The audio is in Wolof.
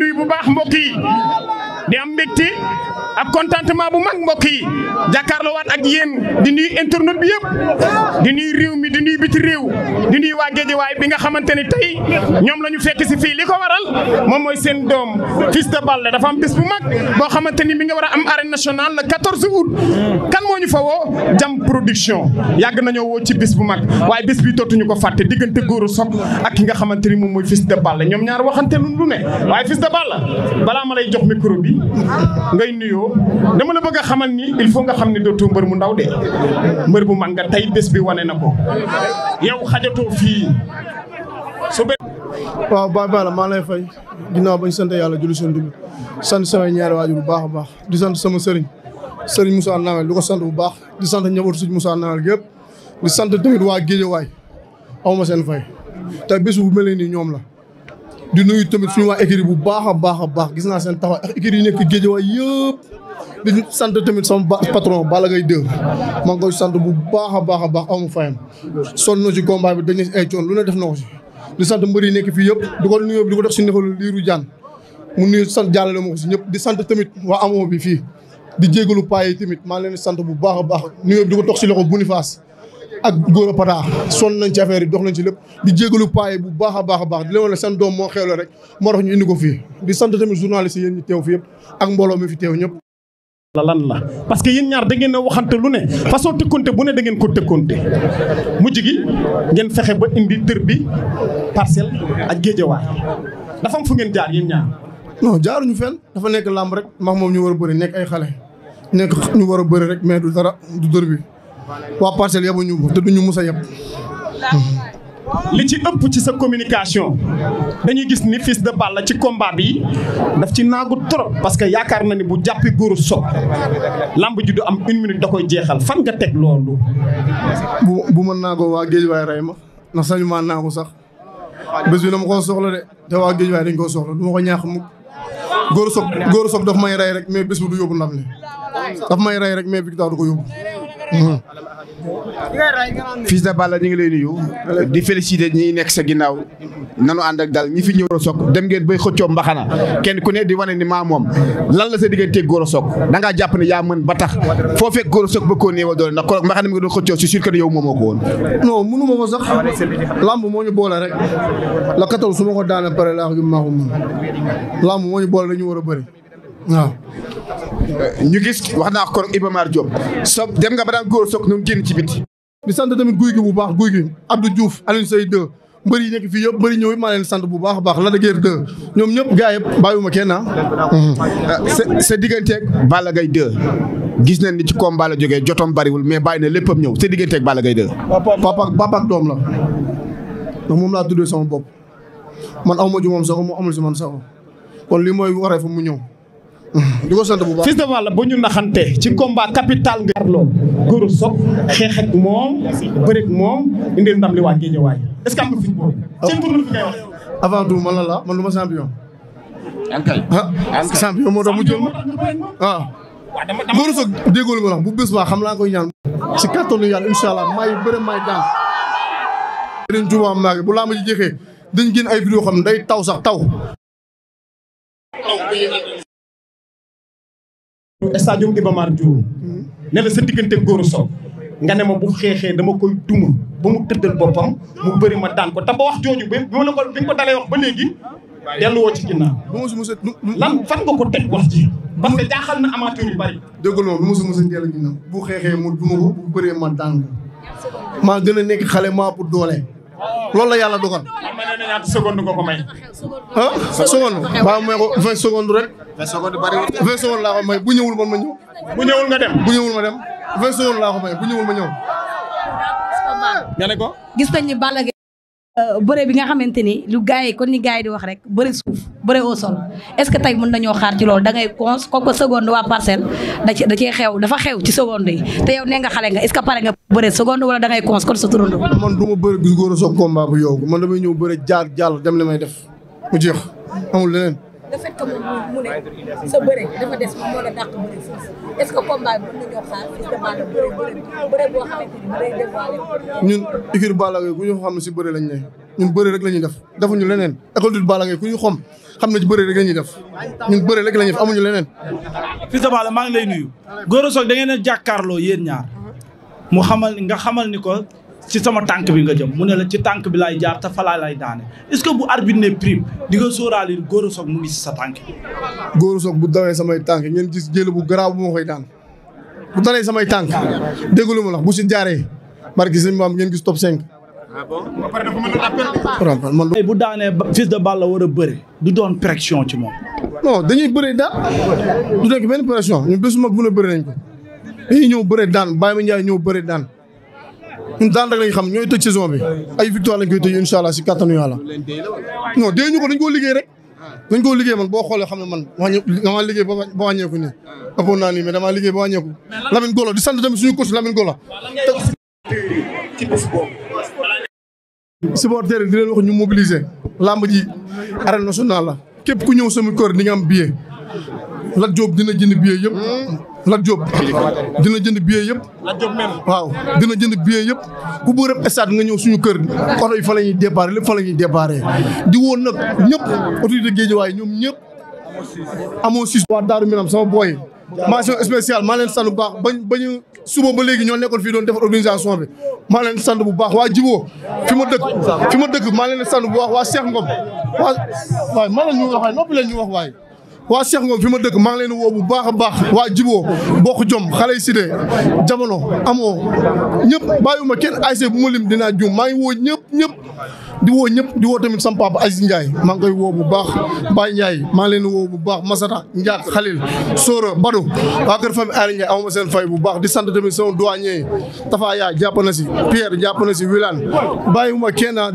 nuyu bu baax mbokk yi di am mbégte ak contentement bu mag mbokk yi jàkkaarloowaat ak yéen di nuyu internet bi yëpp di nuyu réew mi di nuyu biti réew di nuy nuyu waa Géejawaay bi nga xamante ni tey ñoom la ñu fekk si fii li ko waral moom mooy seen doom Fils de Balla dafa am bés bu mag boo xamante ni mi nga war a am arène nationale le 14 août kan moo ñu fa woo jam production yàgg nañoo woo ci bis bu mag waaye bés bi tootuñu ko fàtte diggante góoru sok ak ki nga xamante ni moom mooy Fils de ñoom ñaar waxante lu ne Balla balaa ma lay jox micro bi ngay nuyoo dama la bëgg a xamal ni il faut nga xam ne dootoo mbër mu ndaw de mbër bu mag nga tey bés bi wane na ko yow xajatoo fii su be waaw Baye maa lay fay ginnaaw bañ sant yàlla julli seen dund sant sama ñaari bu baax a baax di sant sama sëriñ sëriñ Moussa Nawel di ko sant bu baax di sant njabootu suñ Moussa Nawel gépp di sant tamit waa Géejawaay awma seen fay te bés bu mel nii ñoom la di nuyu tamit suñu waa écurie bu baax a baax a baax gis naa seen taxaw ak écurie yi nekk Guédiawaye yëpp di sant tamit sama ba patron Balla Gaye 2 maa ngi koy sant bu baax a baax a baax amu fayam sonn na ci combat bi dañu ay coon lu ne def na ko ci di mbër yi nekk fii yëpp di ko di ko def si nexalu liiru jaan mu nuyu sant jàllale ma ko si ñëpp di sant tamit waa amoo bi fii di jéggalu paa yi tamit maa leen di sant bu baax a baax nuyoo bi di ko toog si loxo Boniface ak góor a pataa sonn nañ ci affaire yi dox nañ ci lépp di jégalu paaye bu baax a baax a baax di leen wane seen doom moo xew la rek moo tax indi ko fii di sant tamit journaliste yéen ñi teew fi yëpp ak mbooloo mi fi ñëpp la lan la parce que yéen ñaar da ngeen waxante lu ne façon tëkkonte bu ne da ngeen ko tëkkonte mujj gi ngeen fexe ba indi tër bi parcelle ak géejawaay dafa am fu ngeen jaar yéen ñaar non jaaruñu fenn dafa nekk làmb rek max moom ñu war a bëri nekk ay xale nekk ñu war a bëri rek mais du dara du dër bi waa parcelle yabuñu te duñu musa yëpp. li ci ëpp ci sa communication dañuy gis ni Fils de la ci combat bi daf ci naagu trop parce que yaakaar na ni bu jàppi góor so lamb ji du am une minute da koy jeexal fan nga teg loolu. bu bu ma naagoo waa géej waay rey ma ndax sañu maa naagu sax bés bi dama koo soxla de te waa géej waay dañ koo soxla du ma ko ñaax mukk góor so góoru so daf may rey rek mais bés bu du yóbbu ndam may rey rek mais victoire du ko yóbbu. Mmh. fils de Balla ñu ngi lay nuyu. di félicité ñii nekk sa ginnaaw. nanu ànd ak dal ñi fi ñëw Gora dem ngeen bay xëccoo mbaxana kenn ku ne di wane ni maa moom lan la sa digganteeg Gora Sock da jàpp ni yaa mën ba tax foo fekk Gora Sock ba koo néew a doole ndax koroog mbaxana mi nga doon xëccoo si sûr que yow moomoo ko woon. non mënu ma ko sax lamb moo ñu boole rek la katal su ma ko daanee pare laa wax ju ma ko moom lamb moo ñu boole dañu war a bëri waaw. ñu gis wax naa ko Iba Mar Diop so dem nga ba daan góor soog ñu génn ci biti. di sant tamit guy gi bu baax guy gi ab Diouf juuf Seye 2 mbëri yi nekk fii yëpp mbëri ñëw maa sant bu baax baax la dëgër 2 ñoom ñëpp gars yëpp bàyyiwuma kenn ah. Mm-hmm. Euh, sa sa digganteeg Balla gay 2 gis nañ ni ci combat la jógee jotoom bariwul mais bàyyi na léppam ñëw sa digganteeg Balla Gaye 2. papa papa ak doom la. donc moom laa tuddee sama bopp man aw ma ju moom sax mu amul si man sax kon li mooy waree fa mu ñëw. di ko sant bu baax. Fils de Balla ñu naxante ci combat capital nga. Arlo góor soog xeex ak moom bëreeg moom indil ndam li waa Guédiawaye est-ce que ah. avant tout man la la man du ma champion. ankay ah, ankay moo tax mu jël ah. waaw. góor bu bés baa xam laa koy ñaan. ci kàttanu yàlla incha allah may bëre may daan. bu laa ma ci jeexee dañ génn ay vidéo xam day taw sax taw. stade Iba Mar Diop hmm. ne la sa diggante góor soo nga ne ma bu xeexee dama koy duma ba mu tëddal boppam mu bëri ma daan ko te ba wax jooju bi ma la ko bi nga ko dalee wax ba léegi delluwoo ci ginnaaw. lan fan nga ko teg wax ji. parce que jaaxal na amateur yu bari. dëgg la bu musu musu dellu ginnaaw bu xeexee mu duma ko bu bëree ma daan ko maa gën a nekk xale maa pour doole. loolu la yàlla dogal. seconde ko ko may. ah seconde waaw may ko vingt seconde rek. vingt seconde bariwul may bu ñëwul man ma ñëw. bu ñëwul nga dem bu ñëwul ma dem vingt seconde laa may bu ñëwul ma ñëw. nga ne ko. Euh, bëre bi nga xamante ni lu gars yi kon ni gars yi di wax rek bëre suuf bëre au sol est-ce que tey mën nañoo xaar ci loolu da ngay cons comme que seconde waa parcelle da xew dafa xew ci seconde yi te yow nee nga xale nga est-ce que pare nga bëre seconde wala da ngay cons kon sa turando. man du bëre gis góor a soog combat bu yow man damay ñëw bëre jaar jàll dem may def mu jeex amul leneen. le fait que ñun équipe Balla Gaye ku ñu xam ne si bëre lañ ne ñun bëre rek la ñuy def defuñu leneen école du Balla Gaye ku ñu xom xam na ci bëre ñuy def ñun bëre rek la ñuy def amuñu maa ngi lay nuyu. Gora Sock da ngeen a yéen ñaar mu xamal nga xamal ni ko ci sama tànk bi nga jëm mu ne la ci tànk bi lay jaar te falaa lay daane est-ce que bu arbitre ne prime di nga sóoraale Gora soog mu ngi si sa tànk. Gora soog bu dawee samay tànk ngeen gis jël bu garaaw bu ma koy daan bu dalee samay tànk déglu ma la bu si jaaree barki ki maam ngeen gis top 5. ah bon ba pare dafa mën bu daanee fils de balle la war a bëre du doon pression ci moom. non dañuy bëre daan du nekk benn pression ñun bés bu mag bu ne bëre nañ ko dañuy ñëw bëre daan Baye Mandiaye ñëw bëre daan. ñun daan rek lañ xam ñooy tëj saison bi ay victoire lañ koy tëj si kattanu yàlla non dee ñu ko dañ koo liggéey rek dañ koo liggéey man boo xoolee xam ne man wàññi damaa liggéey ba wàññeeku ne apoon naa nii mais damaa liggéey ba wàññeeku Lamine Gola di sant tamit suñu coach Lamine si supporters yi di leen wax ñu mobiliser lamb ji arène nationale la képp ku ñëw sama kër di nga am billet Lat Diop dina jënd billet yëpp. Lat Diop dina jënd billet yëpp. Lat Diop même waaw dina jënd billet yëpp. ku bëgg rek stade nga ñëw suñu kër oto yi fa la ñuy départ lépp fa la ñuy départ di woon nag ñëpp autorité Guédiawaye ñoom ñëpp. amoo siis waa Daaru Minam sama booy. mention spéciale maa leen baax bañ bañu suba ba léegi ñoo nekkoon fii doon defar bi maa leen sant bu baax waa Jibo fi ma dëkk fi ma dëkk ma leen sant bu baax waa Cheikh Ngom waa waaye maa leen ñu wax waaye noppi leen ñu wax waaye waa Cheikh Ngom fi ma dëkk maa ngi leen woo bu baax a baax waa jiboo bokk jom xale yi cité jamono amoo ñëpp ma kenn ayse bu ma lim dinaa jum maa woo ñëpp ñëpp di woo ñëpp di woo tamit sama papa Aziz Ndiaye maa ngi koy woo bu baax Baye Ndiaye maa ngi leen woo bu baax Masata Ndiak Khalil Sora Badou waa kër famille Aly Ndiaye awma seen fay bu baax di sant tamit sama doyen Tafa Yaa jàpp na si Pierre jàpp na si Wilane bàyyiwuma ah,